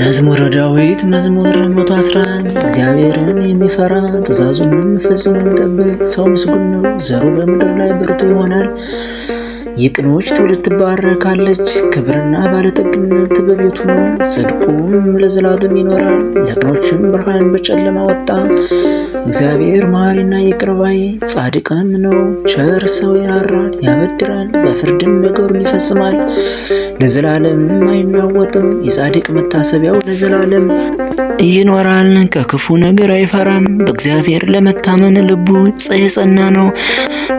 መዝሙረ ዳዊት መዝሙር 111 እግዚአብሔርን የሚፈራ ትእዛዙንም ፈጽሞ የሚጠብቅ ሰው ምስጉን ነው፣ ዘሩ በምድር ላይ ብርቱ ይሆናል። የቅኖች ትውልድ ትባረካለች። ክብርና ባለጠግነት በቤቱ ነው፣ ጽድቁም ለዘላለም ይኖራል። ለቅኖችም ብርሃን በጨለማ ወጣ። እግዚአብሔር መሐሪና ይቅር ባይ ጻድቅም ነው። ቸር ሰው ይራራል፣ ያበድራል፣ በፍርድም ነገሩን ይፈጽማል። ለዘላለም አይናወጥም። የጻድቅ መታሰቢያው ለዘላለም ይኖራል። ከክፉ ነገር አይፈራም። በእግዚአብሔር ለመታመን ልቡ የጸና ነው።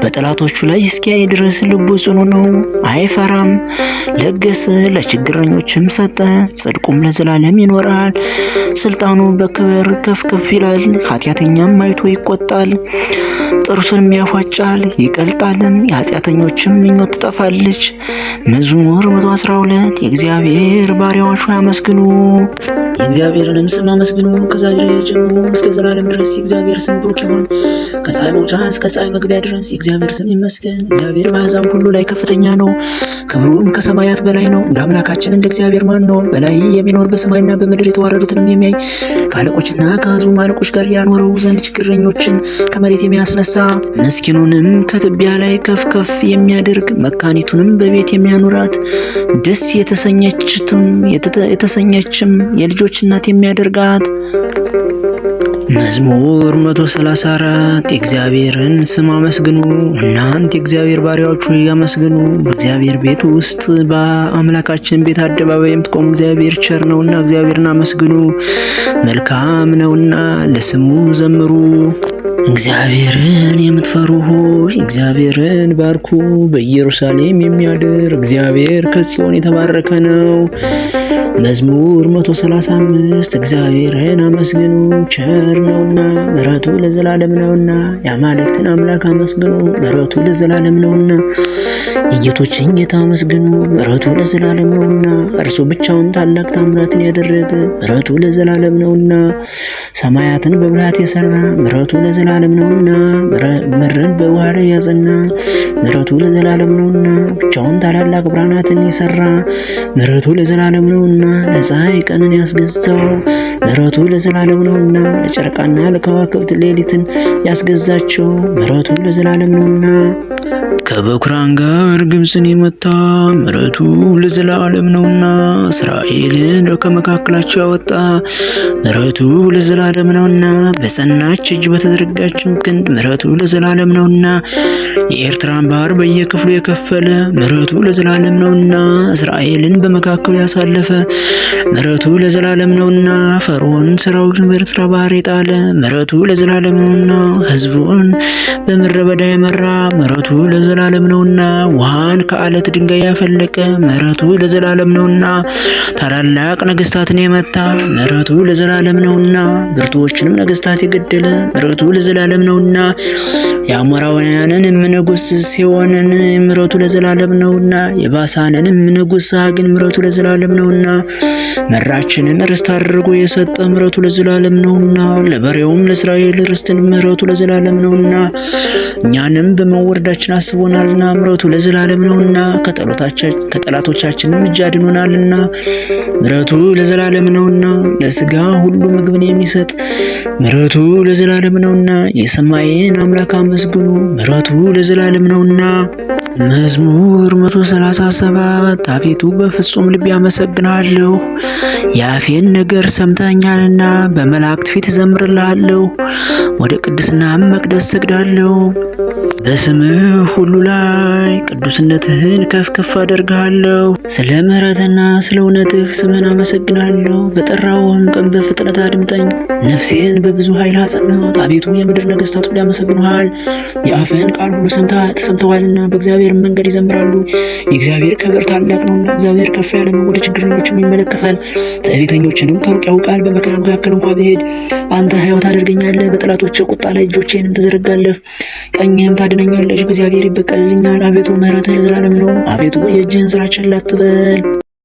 በጠላቶቹ ላይ እስኪያይ ድረስ ልቡ ጽኑ ነው አይፈራም። ለገሰ ለችግረኞችም ሰጠ፣ ጽድቁም ለዘላለም ይኖራል። ስልጣኑ በክብር ከፍ ከፍ ይላል፣ ኃጢአተኛም አይቶ ይቆጣል። ጥርሱንም ያፏጫል ይቀልጣልም፣ የኃጢአተኞችም ምኞት ትጠፋለች። መዝሙር 112 የእግዚአብሔር ባሪያዎች ያመስግኑ አመስግኑ የእግዚአብሔርንም ስም አመስግኑ። ከዛሬ ጀምሮ እስከ ዘላለም ድረስ የእግዚአብሔር ስም ብሩክ ይሁን። ከፀሐይ መውጫ እስከ ፀሐይ መግቢያ ድረስ የእግዚአብሔር ስም ይመስገን። እግዚአብሔር በአሕዛብ ሁሉ ላይ ከፍተኛ ነው፣ ክብሩም ከሰማያት በላይ ነው። እንደ አምላካችን እንደ እግዚአብሔር ማን ነው? በላይ የሚኖር በሰማይና በምድር የተዋረዱትንም የሚያይ ከአለቆችና ከሕዝቡ አለቆች ጋር ያኖረው ዘንድ ችግረኞችን ከመሬት የሚያስነሳ ምስኪኑንም ከትቢያ ላይ ከፍ ከፍ የሚያደርግ መካኒቱንም በቤት የሚያኖራት ደስ የተሰኘችትም የተሰኘችም የልጆች እናት የሚያደርጋት መዝሙር 134 የእግዚአብሔርን ስም አመስግኑ፣ እናንት የእግዚአብሔር ባሪያዎች ሆይ አመስግኑ። በእግዚአብሔር ቤት ውስጥ በአምላካችን ቤት አደባባይ የምትቆሙ እግዚአብሔር ቸር ነውና እግዚአብሔርን አመስግኑ፣ መልካም ነውና ለስሙ ዘምሩ። እግዚአብሔርን የምትፈሩ ሆይ እግዚአብሔርን ባርኩ። በኢየሩሳሌም የሚያድር እግዚአብሔር ከጽዮን የተባረከ ነው። መዝሙር 135 እግዚአብሔርን አመስግኑ፣ ቸር ነውና ምሕረቱ ለዘላለም ነውና። የአማልክትን አምላክ አመስግኑ፣ ምሕረቱ ለዘላለም ነውና። የጌቶችን ጌታ አመስግኑ፣ ምሕረቱ ለዘላለም ነውና። እርሱ ብቻውን ታላቅ ታምራትን ያደረገ ምሕረቱ ለዘላለም ነውና። ሰማያትን በብልሃት የሰራ ምሕረቱ ለዘላለም ለዘላለም ነውና ምድርን በውሃ ላይ ያጸና ምሕረቱ ለዘላለም ነውና ብቻውን ታላላቅ ብርሃናትን የሰራ ምሕረቱ ለዘላለም ነውና ለፀሐይ ቀንን ያስገዛው ምሕረቱ ለዘላለም ነውና ለጨረቃና ለከዋክብት ሌሊትን ያስገዛቸው ምሕረቱ ለዘላለም ነውና ከበኩራን ጋር ግብፅን የመታ ምረቱ ለዘላለም ነውና እስራኤልን ከመካከላቸው ያወጣ ምረቱ ለዘላለም ነውና በጸናች እጅ በተዘረጋችም ክንድ ምረቱ ለዘላለም ነውና የኤርትራን ባህር በየክፍሉ የከፈለ ምረቱ ለዘላለም ነውና እስራኤልን በመካከሉ ያሳለፈ ምረቱ ለዘላለም ነውና ፈርዖን ሰራዊቱን በኤርትራ ባህር የጣለ ምረቱ ለዘላለም ነውና ህዝቡን በምድረ በዳ የመራ ምረቱ ለዘላለም ለዘላለም ነውና፣ ውሃን ከአለት ድንጋይ ያፈለቀ ምሕረቱ ለዘላለም ነውና፣ ታላላቅ ነገስታትን የመታ ምሕረቱ ለዘላለም ነውና፣ ብርቶችንም ነገስታት የገደለ ምሕረቱ ለዘላለም ነውና፣ የአሞራውያንን የምንጉስ ሲሆንን ምሕረቱ ለዘላለም ነውና፣ የባሳንን የምንጉስ ዐግን ምሕረቱ ለዘላለም ነውና፣ መራችንን ርስት አድርጎ የሰጠ ምሕረቱ ለዘላለም ነውና፣ ለበሬውም ለእስራኤል ርስትን ምሕረቱ ለዘላለም ነውና፣ እኛንም በመወረዳችን አስቦ አድኖናልና ምረቱ ለዘላለም ነውና ከጠላቶቻችንም እጅ አድኖናልና ምረቱ ለዘላለም ነውና ለስጋ ሁሉ ምግብን የሚሰጥ ምረቱ ለዘላለም ነውና የሰማይን አምላክ አመስግኑ ምረቱ ለዘላለም ነውና። መዝሙር 137 አቤቱ በፍጹም ልብ ያመሰግናለሁ የአፌን ነገር ሰምተኛልና በመላእክት ፊት እዘምርልሃለሁ። ወደ ቅድስናም መቅደስ ሰግዳለሁ። በስምህ ሁሉ ላይ ቅዱስነትህን ከፍ ከፍ አደርግሃለሁ። ስለ ምሕረትና ስለ እውነትህ ስምህን አመሰግናለሁ። በጠራውም ቀን በፍጥነት አድምጠኝ። ነፍሴን በብዙ ኃይል አጸናት። አቤቱ የምድር ነገሥታት ሁሉ ያመሰግኑሃል። የአፍህን ቃል ሁሉ ተሰምተዋልና በእግዚአብሔር መንገድ ይዘምራሉ። የእግዚአብሔር ክብር ታላቅ ነውና እግዚአብሔር ከፍ ያለ ነው። ወደ ችግረኞችም ይመለከታል። ትዕቢተኞችንም ከሩቅ ያውቃል። በመከራ መካከል እንኳ ብሄድ አንተ ሕያው አደርገኛለህ። በጠላቶች ቁጣ ላይ እጆቼንም ትዘረጋለህ። ቀኝህም ታድነኛለሽ፣ በእግዚአብሔር ይበቀልልኛል። አቤቱ ምሕረትህ ለዘላለም ነው። አቤቱ የእጅህን ስራ ስራችን ላትበል